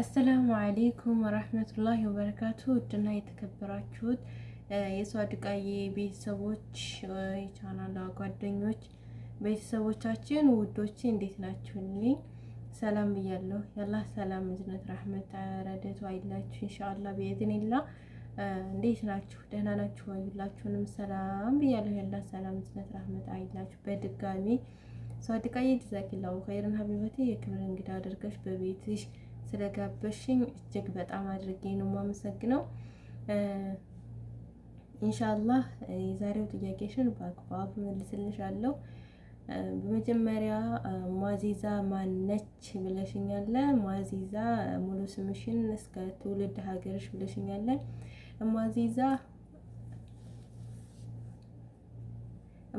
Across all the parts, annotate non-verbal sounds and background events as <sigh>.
አሰላሙ አሌይኩም ወረህመቱላሂ ወበረካቱ ውድና የተከበራችሁት የሷድቃዬ ቤተሰቦች የቻናል ጓደኞች ቤተሰቦቻችን ውዶቼ እንዴት ናችሁልኝ? ሰላም ብያለሁ። የአላህ ሰላም እዝነት፣ ረህመት ረደቱ አይላችሁ እንሻአላ ብኢዝኒላ። እንዴት ናችሁ? ደህና ናችሁ ወይ? ሁላችሁንም ሰላም ብያለሁ። የአላህ ሰላም እዝነት፣ ረህመት አይላችሁ በድጋሚ ሷድቃዬ ጀዛኪላሁ ኸይርን ሀቢበቴ የክብር እንግዳ አድርገሽ በቤትሽ ስለጋበሽኝ እጅግ በጣም አድርጌ ነው የማመሰግነው። ኢንሻአላህ የዛሬው ጥያቄሽን በአግባቡ መልስልሻለሁ። በመጀመሪያ ሙአዚዛ ማነች ብለሽኛለ። ሙአዚዛ ሙሉ ስምሽን እስከ ትውልድ ሀገርሽ ብለሽኛለ። ሙአዚዛ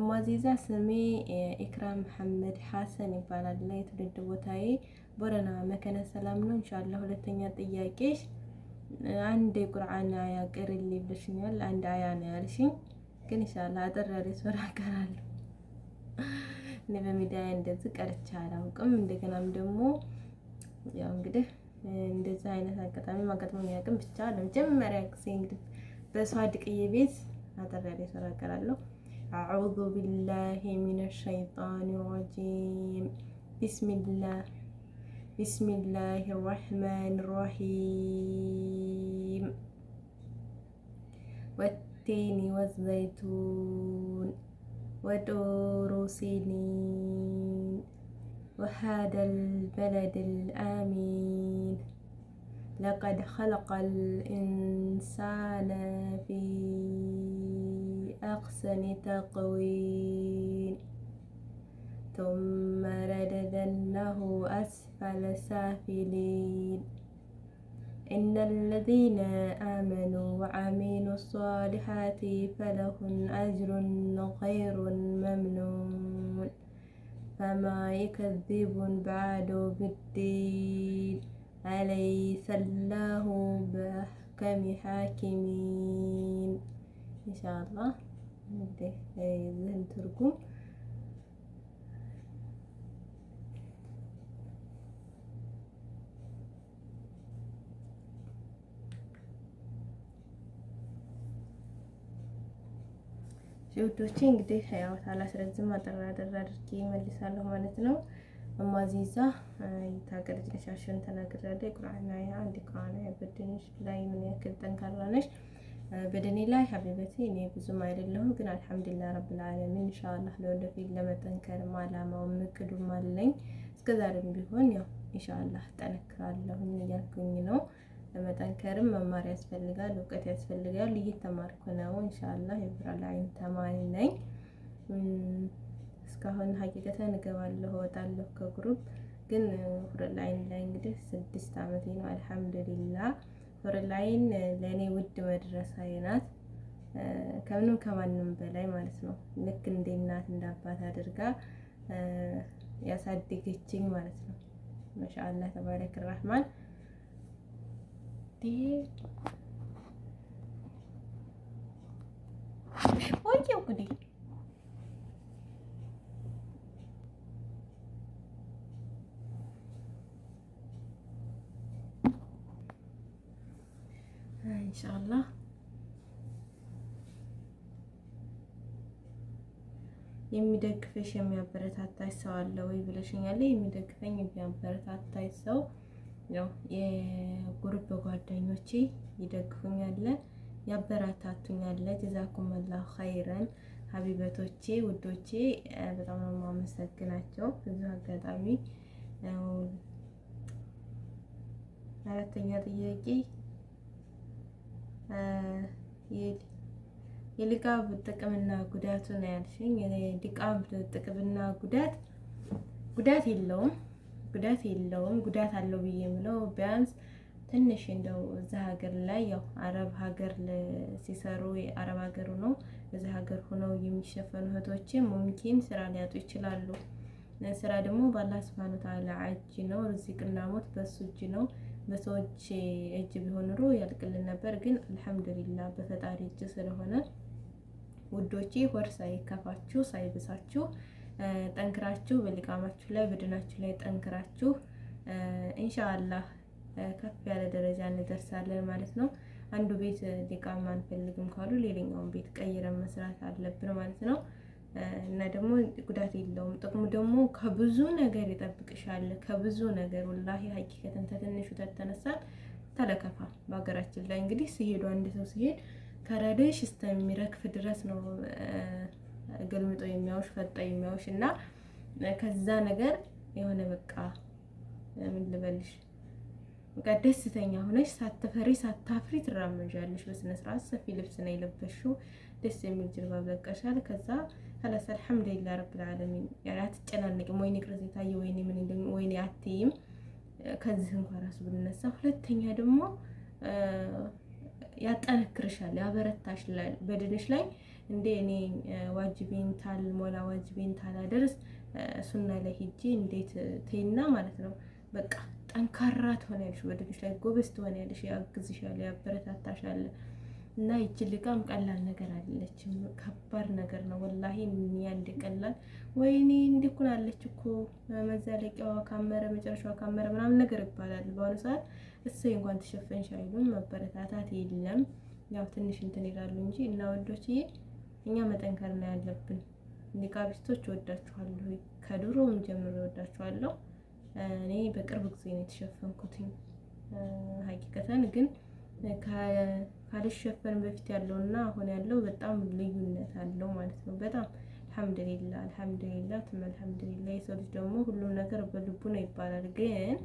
ሙአዚዛ ስሜ ኢክራም መሐመድ ሐሰን ይባላል ላይ የትውልድ ቦታዬ ቦረና መከነ ሰላም ነው። እንሻላ ሁለተኛ ጥያቄሽ አንድ የቁርአን አያ ቅሪልኝ ብለሽኛል። አንድ አያ ነው ያልሽኝ፣ ግን እንሻላ አጠር ያለ ሱራ እቀራለሁ። እኔ በሚዲያ እንደዚህ ቀርቼ አላውቅም። እንደገናም ደግሞ ያው እንግዲህ እንደዚህ አይነት አጋጣሚ ማጋጥሞ ያቅም ብቻ ለመጀመሪያ ጊዜ እንግዲህ በሷድቅዬ ቤት አጠር ያለ ሱራ እቀራለሁ። አዑዙ ቢላሂ ሚነ ሸይጣን ረጂም ቢስሚላህ بسم الله الرحمن الرحيم والتين والزيتون ودور سنين وهذا البلد الآمين لقد خلق الإنسان في أحسن تقويم ثم رددناه أسفل سافلين إن الذين آمنوا وعملوا الصالحات فلهم أجر غير ممنون فما يكذب بعد بالدين أليس الله بأحكم حاكمين إن شاء الله نبدأ زين ውዶቼ እንግዲህ ያው አላስረዝም አጠራ አጠራ አድርጌ መልሳለሁ ማለት ነው። እማዚዛ የታገለች ነሻሽን ተናግራለች። ቁርአና ያ አንድ ቁርአን አያ በድንሽ ላይ ምን ያክል ጠንካራ ነሽ? በድኔ ላይ ሀቢበቴ እኔ ብዙም አይደለሁም፣ ግን አልሐምዱሊላህ ረብል ዓለሚን ኢንሻአላህ ለወደፊት ለመጠንከር አላማው ምክዱም አለኝ። እስከዛሬም ቢሆን ያው ኢንሻአላህ ጠነክራለሁ እያልኩኝ ነው። ለመጠንከርም መማር ያስፈልጋል፣ እውቀት ያስፈልጋል። እየተማርኩ ነው። ኢንሻአላህ የብራል አይን ተማሪ ነኝ። እስካሁን ሀቂቀተን እገባለሁ እወጣለሁ ከግሩፕ ግን ሁረል አይን ላይ እንግዲህ ስድስት አመት ነው። አልሐምዱሊላ ሁረል አይን ለእኔ ውድ መድረሳዬ ናት። ከምንም ከማንም በላይ ማለት ነው። ልክ እንደ እናት እንደ አድርጋ ያሳደገችኝ ማለት ነው። ማሻአላህ ተባረክ ራህማን ወየው ጉዴ! ኢንሻአላህ የሚደግፈሽ የሚያበረታታሽ ሰው አለ ወይ ብለሽኛል። የሚደግፈኝ የሚያበረታታሽ ሰው ያው የጉርብ ጓደኞቼ ይደግፉኛል፣ ያበረታቱኛል። ጀዛኩም ኸይረን ሀቢበቶቼ፣ ውዶቼ በጣም ነው የማመሰግናቸው። እዚሁ አጋጣሚ አራተኛ ጥያቄ የልቃብ ጥቅምና ጉዳቱ ነው ያልሽኝ። የልቃብ ጥቅምና ጉዳት ጉዳት የለውም ጉዳት የለውም። ጉዳት አለው ብዬ የምለው ቢያንስ ትንሽ እንደው እዛ ሀገር ላይ ያው አረብ ሀገር ሲሰሩ የአረብ ሀገር ነው እዛ ሀገር ሆነው የሚሸፈኑ እህቶች ሙምኪን ስራ ሊያጡ ይችላሉ። ስራ ደግሞ በአላህ ስብሃነ ወተዓላ እጅ ነው። ርዚቅና ሞት በሱ እጅ ነው። በሰዎች እጅ ቢሆን ኑሮ ያልቅልን ነበር። ግን አልሐምዱሊላህ በፈጣሪ እጅ ስለሆነ ውዶቼ ሆድ ሳይከፋችሁ ሳይብሳችሁ ጠንክራችሁ በሊቃማችሁ ላይ በድናችሁ ላይ ጠንክራችሁ ኢንሻአላህ ከፍ ያለ ደረጃ እንደርሳለን ማለት ነው። አንዱ ቤት ሊቃማ አንፈልግም ካሉ ሌላኛውን ቤት ቀይረን መስራት አለብን ማለት ነው። እና ደግሞ ጉዳት የለውም። ጥቅሙ ደግሞ ከብዙ ነገር ይጠብቅሻል። ከብዙ ነገር ወላሂ ሀቂቀትን ከትንሹ ተነሳ ተለከፋ በሀገራችን ላይ እንግዲህ ሲሄዱ አንድ ሰው ሲሄድ ከረድሽ እስከሚረክፍ ድረስ ነው ገልምጦ የሚያውሽ ፈጣ የሚያውሽ እና ከዛ ነገር የሆነ በቃ ምን ልበልሽ በቃ ደስተኛ ሆነሽ ሳትፈሪ ሳታፍሪ ትራመጃለሽ። በስነ ስርዓት ሰፊ ልብስ ነው የለበሽው፣ ደስ የሚል ጀልባ ለቀሻል። ከዛ ከላስ አልሐምዱሊላህ ረብል ዓለሚን ያለ አትጨናነቂም። ወይኔ ቅርጽ የታየ ወይኔ ምን እንደሚ ወይኔ አትይም። ከዚህ እንኳን ራሱ ብንነሳ፣ ሁለተኛ ደግሞ ያጠነክርሻል፣ ያበረታሽላል በድንሽ ላይ እንዴ እኔ ዋጅቤን ታልሞላ ዋጅቤን ታላደርስ ሱና ላይ ሂጂ እንዴት ተይና ማለት ነው። በቃ ጠንካራ ትሆናለሽ፣ ወደፊት ላይ ጎበዝ ትሆናለሽ። ያግዝሻል፣ ያበረታታሻል። እና ይቺ ልቃም ቀላል ነገር አይደለችም፣ ከባድ ነገር ነው። ወላሂ ኒያ እንደቀላል ወይኔ እንዲኩን አለች እኮ መዛለቂያዋ ካመረ መጨረሻዋ ካመረ ምናምን ነገር ይባላል። በአሁኑ ሰዓት እሰይ እንኳን ተሸፈንሽ አይሉም፣ መበረታታት የለም። ያው ትንሽ እንትን ይላሉ እንጂ እና ወዶችዬ እኛ መጠንከር ነው ያለብን። ኒቃቢስቶች እወዳችኋለሁ፣ ከድሮ ጀምሮ ወዳችኋለሁ እኔ በቅርብ ጊዜ ነው የተሸፈንኩትኝ። ሀቂቀተን ግን ካልሸፈን በፊት ያለው እና አሁን ያለው በጣም ልዩነት አለው ማለት ነው። በጣም አልሐምዱሊላ አልሐምዱሊላ ትም አልሐምዱሊላ። የሰው ልጅ ደግሞ ሁሉም ነገር በልቡ ነው ይባላል። ግን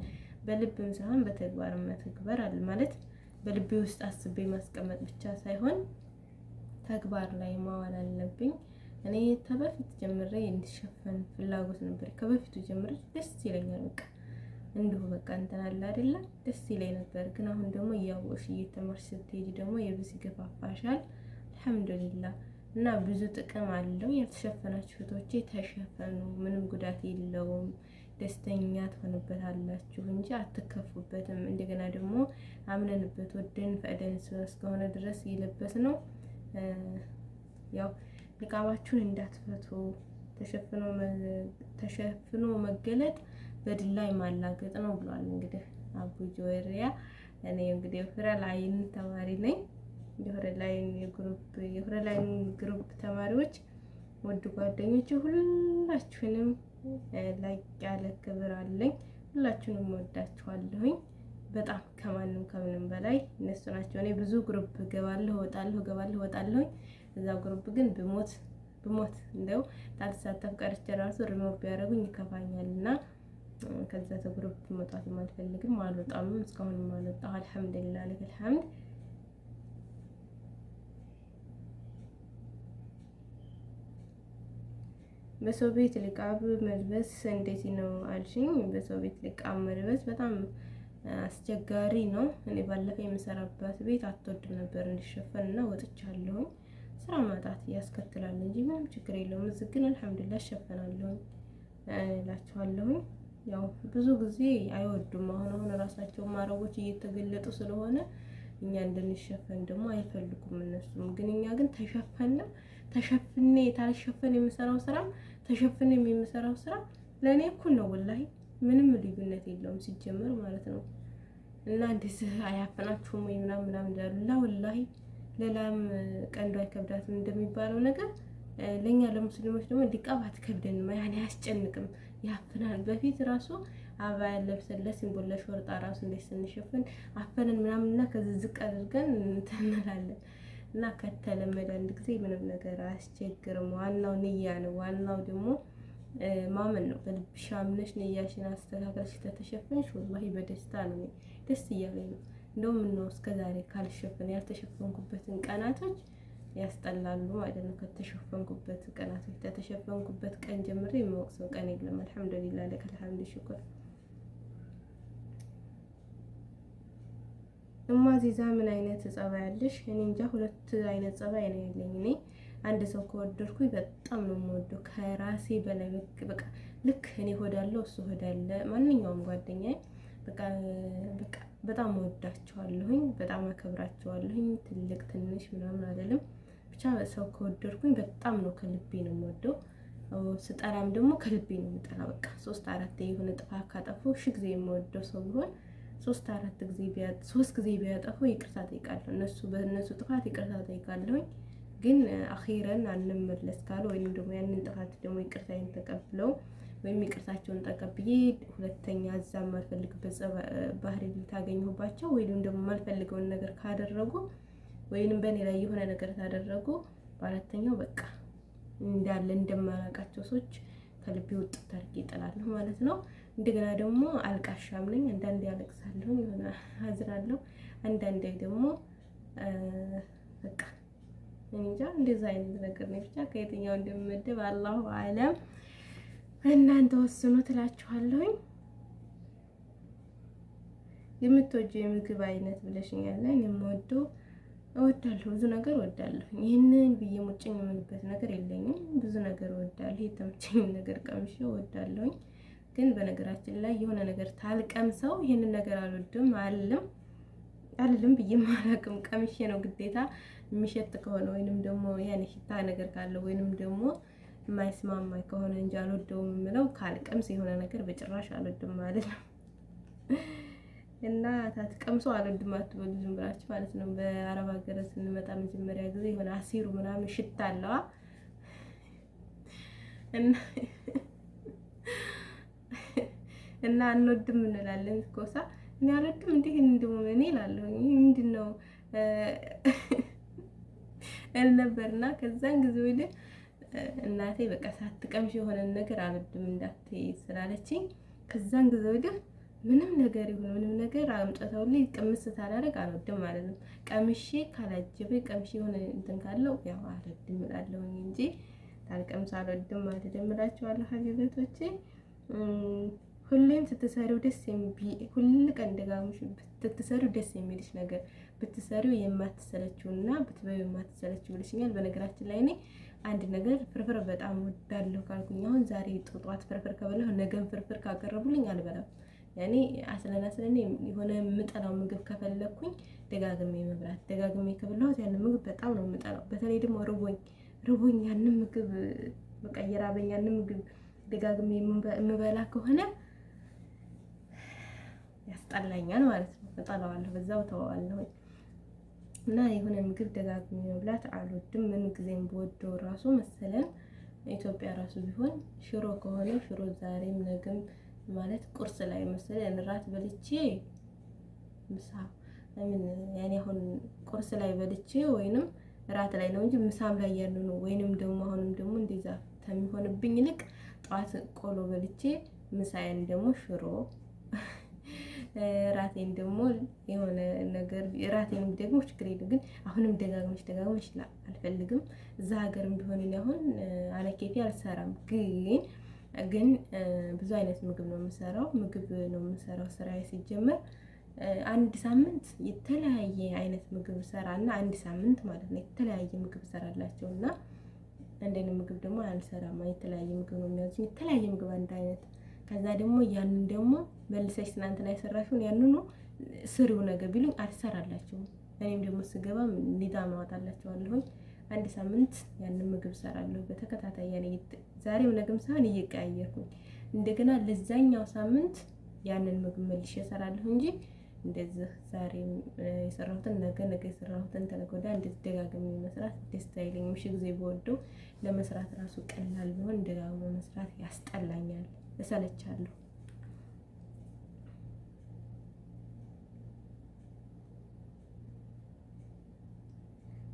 በልብም ሳይሆን በተግባር መተግበር አለ ማለት በልቤ ውስጥ አስቤ ማስቀመጥ ብቻ ሳይሆን ተግባር ላይ ማዋል አለብኝ። እኔ ከበፊት ጀምሬ እንድሸፈን ፍላጎት ነበር። ከበፊቱ ጀምሬ ደስ ይለኛል። በቃ እንዲሁ በቃ እንትን አለ አይደለ? ደስ ይለኝ ነበር። ግን አሁን ደግሞ እያወቅሽ እየተማርሽ ስትሄጂ ደግሞ የብስ ይገፋፋሻል። አልሐምዱሊላህ እና ብዙ ጥቅም አለው። ያልተሸፈናችሁ ፊቶቼ ተሸፈኑ፣ ምንም ጉዳት የለውም። ደስተኛ ትሆንበታላችሁ እንጂ አትከፉበትም። እንደገና ደግሞ አምነንበት ወደን ፈቅደን እስከሆነ ድረስ የለበስ ነው ያው ንቃባችሁን እንዳትፈቱ። ተሸፍኖ መገለጥ በድላይ ማላገጥ ነው ብሏል። እንግዲህ አቡ ጆሪያ እኔ እንግዲህ ፍራ ላይን ተማሪ ነኝ። የሁረ ላይን ግሩፕ የሁረ ላይን ግሩፕ ተማሪዎች ወዱ ጓደኞቼ ሁላችሁንም ላቅ ያለ ክብር አለኝ። ሁላችሁንም ወዳችኋለሁኝ። በጣም ከማንም ከምንም በላይ እነሱ ናቸው። እኔ ብዙ ግሩፕ እገባለሁ እወጣለሁ እገባለሁ እወጣለሁኝ። እዛ ግሩፕ ግን ብሞት ብሞት እንደው ታልሳተፍ ቀርቼ ራሱ ሪሞት ቢያደርጉኝ ይከፋኛል እና ከዛ ተግሩፕ መውጣት አልፈልግም። አልወጣም፣ እስካሁንም አልወጣሁ። አልሐምድሊላ ለክ ልሐምድ በሰው ቤት ልቃብ መልበስ እንዴት ነው አልሽኝ። በሰው ቤት ልቃብ መልበስ በጣም አስቸጋሪ ነው። እኔ ባለፈ የምሰራበት ቤት አትወድም ነበር እንዲሸፈን እና ወጥቻለሁኝ። ስራ ማጣት ያስከትላል እንጂ ምንም ችግር የለውም። እዚህ ግን አልሐምዱላ እሸፈናለሁኝ እላችኋለሁኝ። ያው ብዙ ጊዜ አይወዱም። አሁን አሁን ራሳቸው አረቦች እየተገለጡ ስለሆነ እኛ እንድንሸፈን ደግሞ አይፈልጉም እነሱም። ግን እኛ ግን ተሸፈነ ተሸፍኔ ታልሸፈን የምሰራው ስራ ተሸፍኔ የምሰራው ስራ ለእኔ እኩል ነው ወላሂ ምንም ልዩነት የለውም ሲጀመር ማለት ነው። እና እንዴት አያፈናችሁም ወይ ምናምን ምናምን እንዳሉ እና ወላሂ ለላም ቀንዱ አይከብዳትም እንደሚባለው ነገር ለእኛ ለሙስሊሞች ደግሞ ሊቃብ አትከብደንም፣ ያን አያስጨንቅም። ያፍናል በፊት ራሱ አበባ ለብሰን ለሲምቦል ለሾርጣ ራሱ እንዴት ስንሸፍን አፈንን ምናምንና ከዝዝቅ አድርገን እንተናላለን። እና ከተለመደ አንድ ጊዜ ምንም ነገር አያስቸግርም። ዋናው ንያ ነው። ዋናው ደግሞ ማመን ነው። በልብሽ አምነሽ ነያሽን አስተካክለሽ ከተሸፈንሽ ወላሂ በደስታ ነው፣ ደስ እያለኝ ነው። እንደውም ነው እስከ ዛሬ ካልሸፈን ያልተሸፈንኩበትን ቀናቶች ያስጠላሉ ማለት ነው። ከተሸፈንኩበት ቀናቶች ከተሸፈንኩበት ቀን ጀምሬ የሚወቅሰው ቀን የለም። አልሐምዱሊላ ለከ ልሐምድ ሽኩር እማዚዛ ምን አይነት ጸባይ አለሽ? እኔ እንጃ ሁለት አይነት ጸባይ ነው ያለኝ እኔ አንድ ሰው ከወደድኩኝ በጣም ነው የምወደው ከራሴ በላይ በቃ ልክ እኔ ሆዳለሁ እሱ ሆዳለ ማንኛውም ጓደኛ በቃ በጣም ወዳቸዋለሁኝ፣ በጣም አከብራቸዋለሁኝ። ትልቅ ትንሽ ምናምን አይደለም። ብቻ ሰው ከወደድኩኝ በጣም ነው ከልቤ ነው የምወደው። ስጠራም ደግሞ ከልቤ ነው የምጠላ። በቃ ሶስት አራት የሆነ ጥፋት ካጠፉ ሺ ጊዜ የምወደው ሰው ቢሆን ሶስት አራት ጊዜ ሶስት ጊዜ ቢያጠፉ ይቅርታ ጠይቃለሁ። እነሱ በእነሱ ጥፋት ይቅርታ ጠይቃለሁኝ። ግን አኺረን አንመለስ ካለ ወይም ደግሞ ያንን ጥፋት ደግሞ ይቅርታዬን ተቀብለው ወይም ይቅርታቸውን ተቀብዬ ሁለተኛ እዛ ማልፈልግበት ባህሪ ልታገኘሁባቸው ወይም ደግሞ ማልፈልገውን ነገር ካደረጉ ወይንም በእኔ ላይ የሆነ ነገር ካደረጉ በአራተኛው በቃ እንዳለ እንደማላውቃቸው ሰዎች ከልቤ ውጥ ታርጌ ይጥላለሁ ማለት ነው። እንደገና ደግሞ አልቃሻም ነኝ። አንዳንዴ ያለቅሳለሁ፣ የሆነ አዝናለሁ። አንዳንዴ ደግሞ በቃ እንጃ እንደዛ አይነት ነገር ነው። ብቻ ከየትኛው እንደምመደብ አላሁ አለም፣ እናንተ ወስኑ ትላችኋለሁኝ። የምትወጂው የምግብ አይነት ብለሽኛለ። ላይ የምወደው እወዳለሁ፣ ብዙ ነገር እወዳለሁ። ይህንን ብዬ ሙጭኝ የምልበት ነገር የለኝም። ብዙ ነገር እወዳለሁ። የተመቸኝ ነገር ቀምሼ እወዳለሁኝ። ግን በነገራችን ላይ የሆነ ነገር ታልቀምሰው ይህንን ነገር አልወድም አልልም አልልም ብዬ ማላቅም ቀምሼ ነው ግዴታ የሚሸት ከሆነ ወይንም ደግሞ ያን ሽታ ነገር ካለ ወይንም ደግሞ የማይስማማኝ ከሆነ እንጂ አልወደውም የምለው ካልቀምስ የሆነ ነገር በጭራሽ አልወድም ማለት ነው። እና ታት ታትቀምሶ አልወድም አትበሉ ዝም ብላችሁ ማለት ነው። በአረብ ሀገር ስንመጣ መጀመሪያ ጊዜ የሆነ አሲሩ ምናምን ሽታ አለዋ እና አንወድም እንላለን። ኮሳ እኔ አልወድም እንዲህ እንደሆነ እኔ እላለሁ ምንድን ነው እል ነበር እና ከዛን ጊዜ ወዲህ እናቴ በቃ ሳትቀምሽ የሆነ ነገር አልወድም እንዳትይ ስላለችኝ ከዛን ጊዜ ወዲህ ምንም ነገር ይሁን ምንም ነገር አምጨተው ላይ ቅምስ ታላረግ አልወድም ማለት ነው። ቀምሼ ካላጀበ ቀምሼ የሆነ እንትን ካለው ያው አልወድም እላለሁ እንጂ ታልቀምስ አልወድም ማለት እምላችኋለሁ ሀቢበቶቼ። ሁሌም ስትሰሪው ደስ ሁል ቀን ደጋግመሽ ስትሰሪው ደስ የሚልሽ ነገር ብትሰሪው የማትሰለችው እና ብትበዩ የማትሰለችው ብልሽኛል። በነገራችን ላይ እኔ አንድ ነገር ፍርፍር በጣም ወዳለሁ ካልኩኝ አሁን ዛሬ ጧት ፍርፍር ከበላሁ ነገን ፍርፍር ካቀረቡልኝ አልበላም። ያኔ አስለና ስለኔ የሆነ የምጠላው ምግብ ከፈለኩኝ ደጋግሜ መብላት ደጋግሜ ከበላሁት ያን ምግብ በጣም ነው የምጠላው። በተለይ ደግሞ ርቦኝ ርቦኝ ያንን ምግብ በቃ የራበኝ ያንን ምግብ ደጋግሜ የምበላ ከሆነ ያስጠላኛል ማለት ነው። እጠላዋለሁ፣ በዛው ተወዋለሁ እና የሆነ ምግብ ደጋግሜ መብላት አልወድም። ምን ጊዜም በወደው ራሱ መሰለን ኢትዮጵያ ራሱ ቢሆን ሽሮ ከሆነ ሽሮ ዛሬም ነገም ማለት ቁርስ ላይ መሰለን እራት በልቼ ምሳ ያኔ አሁን ቁርስ ላይ በልቼ ወይንም እራት ላይ ነው እንጂ ምሳም ላይ ያሉ ነው። ወይንም ደግሞ አሁንም ደግሞ እንደዛ ከሚሆንብኝ ይልቅ ጠዋት ቆሎ በልቼ ምሳዬን ደግሞ ሽሮ ራቴን ደግሞ የሆነ ነገር ራቴን ደግሞ ችግር የለም ግን አሁንም ደጋግመሽ ደጋግመሽ አልፈልግም። እዛ ሀገርም ቢሆን አሁን አለኬቴ አልሰራም ግን ግን ብዙ አይነት ምግብ ነው የምሰራው፣ ምግብ ነው የምሰራው ስራ ሲጀመር አንድ ሳምንት የተለያየ አይነት ምግብ ሰራ ሰራና አንድ ሳምንት ማለት ነው የተለያየ ምግብ ሰራላቸው እና እንደን ምግብ ደግሞ አልሰራም። የተለያየ ምግብ ነው የሚያዙ የተለያየ ምግብ አንድ አይነት ከዛ ደግሞ ያንን ደግሞ መልሰሽ ትናንትና የሰራሽውን ያንኑ ስሪው ነገር ቢሉኝ አልሰራላችሁም። እኔም ደግሞ ስገባ ኒዳ ማዋጣላችኋለሁኝ። አንድ ሳምንት ያንን ምግብ ሰራለሁ በተከታታይ ያን ዛሬም ነገም ሳይሆን እየቀያየርኩኝ እንደገና ለዛኛው ሳምንት ያንን ምግብ መልሼ እሰራለሁ እንጂ እንደዚህ ዛሬ የሰራሁትን ነገ ነገ የሰራሁትን ተነገ ወዲያ እንደዚህ ደጋግሜ መስራት ደስ አይለኝም። ሺ ጊዜ በወደው ለመስራት ራሱ ቀላል ቢሆን ደጋግሞ መስራት ያስጠላኛል፣ እሰለቻለሁ።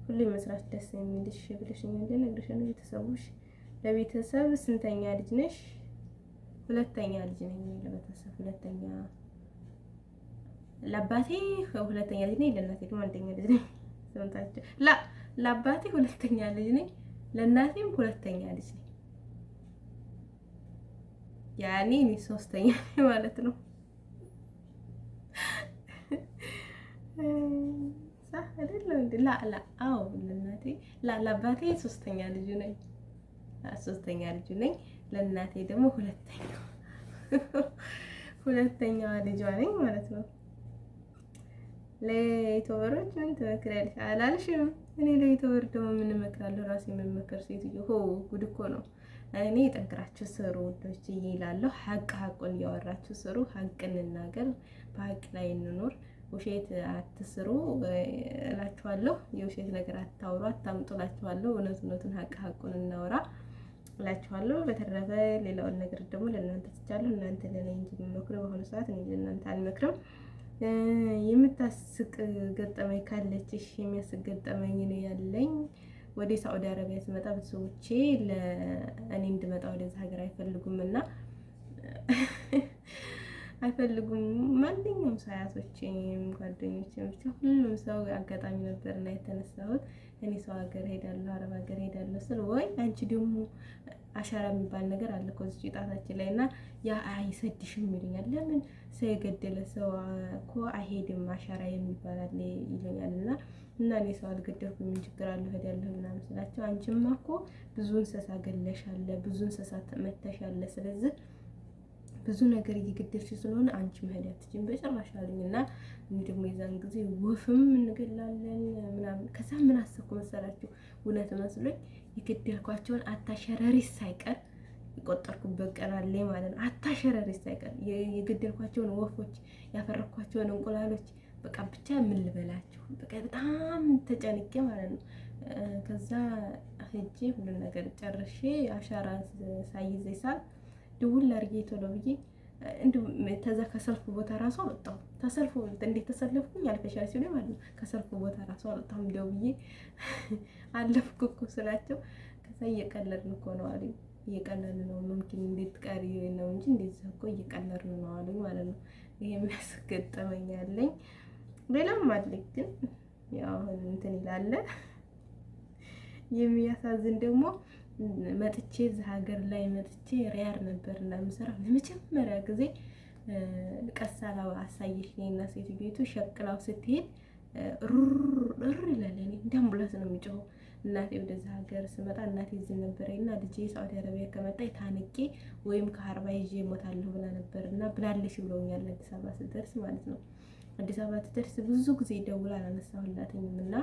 ሁሌ መስራት ደስ የሚልሽ ብለሽ ነው። ቤተሰቦች ለቤተሰብ ስንተኛ ልጅ ነሽ? ሁለተኛ ልጅ ነኝ። ለቤተሰብ ሁለተኛ ለአባቴ ሁለተኛ ልጅ ነኝ። ለእናቴ ደግሞ አንደኛ ልጅ ነኝ። <laughs> ሰምታችሁ ላ ለአባቴ ሁለተኛ ልጅ ነኝ። ለእናቴም ሁለተኛ ልጅ ነኝ። ያኔ እኔ ሶስተኛ ማለት ነው። <laughs> አይደለም እንዴ? ላላ አዎ፣ ለእናቴ ለአባቴ ሶስተኛ ልጁ ነኝ። ሶስተኛ ልጁ ነኝ። ለእናቴ ደግሞ ሁለተኛው <laughs> ሁለተኛዋ ልጇ ነኝ ማለት ነው። ምን ትመክሪያለሽ አላልሽም? እኔ ደግሞ ምን እመክራለሁ? ራሴ የምመክር ሴትዮ ሆ ጉድ እኮ ነው። እኔ ስሩ ውዶች ሀቅ ሀቁን እያወራችሁ ስሩ። ሀቅ እንናገር፣ በሀቅ ላይ እንኖር። ውሸት አትስሩ እላችኋለሁ። የውሸት ነገር አታውሩ አታምጡ እላችኋለሁ። እውነት እውነቱን ሀቅ ሀቁን እናውራ እላችኋለሁ። በተረፈ ሌላውን ነገር ደግሞ ለእናንተ ትቻለሁ። እናንተ ለእኔ እንጂ የምመክረው በአሁኑ ሰዓት እኔ ለእናንተ አልመክርም። የምታስቅ ገጠመኝ ካለችሽ የሚያስቅ ገጠመኝ ነው ያለኝ። ወደ ሳዑዲ አረቢያ ስመጣ ቤተሰቦቼ ለእኔ እንድመጣ ወደዚህ ሀገር አይፈልጉም እና አይፈልጉም። ማንኛውም ሰው አያቶቼም፣ ጓደኞቼም ብቻ ሁሉም ሰው አጋጣሚ ነበር ነበርና የተነሳሁት እኔ ሰው ሀገር ሄዳለሁ፣ አረብ ሀገር ሄዳለሁ ስል ወይ አንቺ ደግሞ አሻራ የሚባል ነገር አለ እኮ እዚህ ጣታችን ላይ እና ያ አይሰድሽም ይሉኛል። ለምን ሰው የገደለ ሰው እኮ አይሄድም አሻራ የሚባል አለ ይሉኛል። እና እና እኔ ሰው አልገደልኩም ምን ችግር አለው ሄዳለሁ ምናምን ስላቸው አንቺማ እኮ ብዙ እንስሳ ገለሻለ፣ ብዙ እንስሳ መተሻለ ስለዚህ ብዙ ነገር እየገደልሽ ስለሆነ አንቺ መሄድ አትችይም በጭራሽ አለኝ እና እኔ ደግሞ የዛን ጊዜ ወፍም እንገላለን ምናምን። ከዛ ምን አሰብኩ መሰላችሁ? እውነት መስሎኝ የገደልኳቸውን አታሸረሪ ሳይቀር የቆጠርኩበት ቀን አለ ማለት ነው። አታሸረሪ ሳይቀር የገደልኳቸውን ወፎች፣ ያፈረኳቸውን እንቁላሎች በቃ ብቻ ምን ልበላችሁ፣ በቃ በጣም ተጨንቄ ማለት ነው። ከዛ ሄጄ ሁሉን ነገር ጨርሼ አሻራ ሳይዘይሳል ድውል አድርጌ ቶሎ ብዬ እንዲሁ ተዛ ከሰልፉ ቦታ ራሱ አልወጣሁ። ተሰልፉ እንዴት ተሰለፍኩኝ አልፈሻ ሲሉ ማለት ነው። ከሰልፉ ቦታ ራሱ አልወጣሁም። ደውዬ <laughs> አለፍኩ እኮ ስላቸው ከዛ እየቀለድን እኮ ነው አሉኝ። እየቀለድን ነው ምምኪን እንዴት ቀሪ ነው እንጂ እንዴት እኮ እየቀለድን ነው አሉኝ ማለት ነው። ይሄ የሚያስገጠመኝ አለኝ። ሌላም አለኝ ግን ያው እንትን ይላለ የሚያሳዝን ደግሞ መጥቼ እዚህ ሀገር ላይ መጥቼ ሪያር ነበር እና ለመጀመሪያ ጊዜ ቀሳላው አሳየሽ እና ቤቱ ሸቅላው ስትሄድ ሩር ይላል። እኔ እንደ አምቡላንስ ነው የሚጮኸው። እናቴ ወደዚህ ሀገር ስመጣ እናቴ እዚህ ነበረ እና ልጄ ሳውዲ አረቢያ ከመጣ ታንቄ ወይም ከአርባ ይዤ እሞታለሁ ብላ ነበር እና ብላለሽ ብለውኛል። አዲስ አበባ ስደርስ ማለት ነው። አዲስ አበባ ስደርስ ብዙ ጊዜ ደውላ አላነሳሁላትኝም እና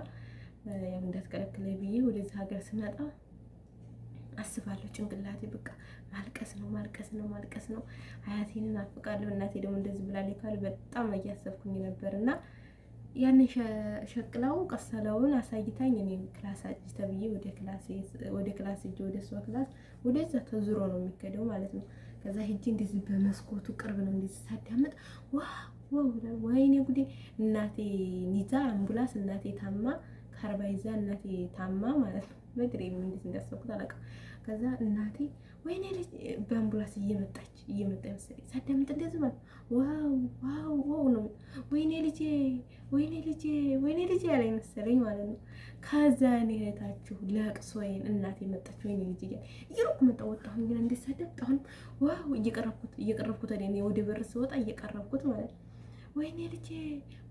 ያው እንዳትቀለክለ ብዬ ወደዚህ ሀገር ስመጣ አስባለሁ። ጭንቅላቴ በቃ ማልቀስ ነው ማልቀስ ነው ማልቀስ ነው። አያቴን ናፍቃለሁ። እናቴ ደግሞ እንደዚህ ብላ ካለ በጣም እያሰብኩኝ ነበር እና ያንን ሸቅላው ቀሰለውን አሳይታኝ እኔ ክላስ አጭጅ ተብዬ ወደ ክላስ እጅ ወደ እሷ ክላስ ወደ እዛ ነው የሚከደው ማለት ነው። ከዛ ሄጄ እንደዚህ በመስኮቱ ቅርብ ነው እንደዚህ ሳዳምጥ ዋ ወይኔ ጉዴ እናቴ ኒዛ አምቡላንስ እናቴ ታማ ከአርባ ይዛ እናቴ ታማ ማለት ነው። ምድር እንዴት እንዳሰብኩት አላውቅም። ከዛ እናቴ ወይኔ ልጅ በአምቡላንስ እየመጣች እየመጣ መሰለኝ ሳዳምጥ እንደዚህ ማለት ዋው ዋው ዋው ነው። ወይኔ ልጄ ወይኔ ልጄ ወይኔ ልጄ ያለኝ መሰለኝ ማለት ነው። ከዛ እኔ እህታችሁ ለቅሶ ወይን እናቴ መጣች ወይኔ ልጄ እያለ እየሮኩ መጣ ወጣሁኝ እንዲሳደብ አሁንም ዋው እየቀረብኩት እየቀረብኩት ወደ በር ስወጣ እየቀረብኩት ማለት ነው ወይኔ ልጄ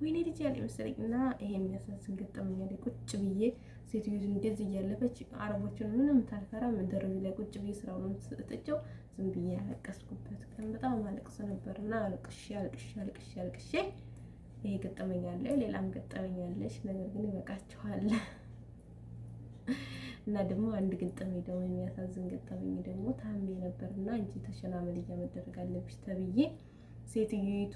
ወይኔ ልጄ ያለ መሰለኝ እና ይሄ የሚያሳዝን ገጠመኝ ላይ ቁጭ ብዬ ሴትዮ እንደዚህ እያለፈች አረቦችን ምንም ታልፈራ ምድር ላይ ቁጭ ብዬ ስራውን ስትጥጨው ዝም ብዬ ያለቀስኩበት ቀን በጣም አለቅስ ነበር እና አልቅሼ አልቅሼ አልቅሼ አልቅሼ ይሄ ገጠመኝ አለ። ሌላም ገጠመኝ አለች፣ ነገር ግን ይበቃችኋል። <laughs> እና ደግሞ አንድ ገጠመኝ ደግሞ የሚያሳዝን ገጠመኝ ደግሞ ታሜ ነበርና እንጂ ተሸናመል መደረግ አለብሽ ተብዬ ሴትዮቱ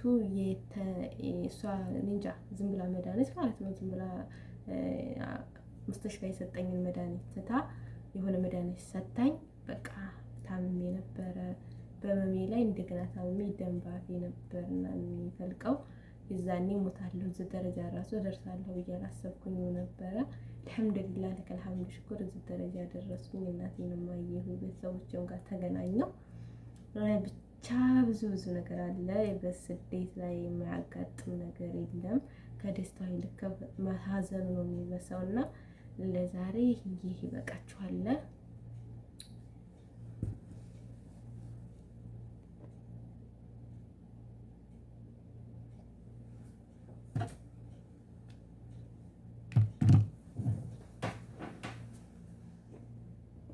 እሷ እንጃ ዝም ብላ መድኃኒት ማለት ነው ዝም ብላ ሙስተሽፋ የሰጠኝን መድኃኒት ትታ የሆነ መድኃኒት ሰታኝ በቃ ታምሜ ነበረ። በመሜ ላይ እንደገና ታምሜ ነበር ነበርና የሚፈልቀው የዛኔ ሞታለሁ እዚህ ደረጃ ራሱ ደርሳለሁ ብዬ አላሰብኩኝ ነበረ። አልሐምዱሊላ ለከልሐምዱ ሽኩር እዚህ ደረጃ ደረስኩኝ። እናቴንም አየሁ ቤተሰቦቼም ጋር ተገናኘው። ብቻ ብዙ ብዙ ነገር አለ። በስደት ላይ የማያጋጥም ነገር የለም። ከደስታ ይልቅ ሀዘኑ ነው የሚበሳው እና ለዛሬ ይህ ይበቃችኋል።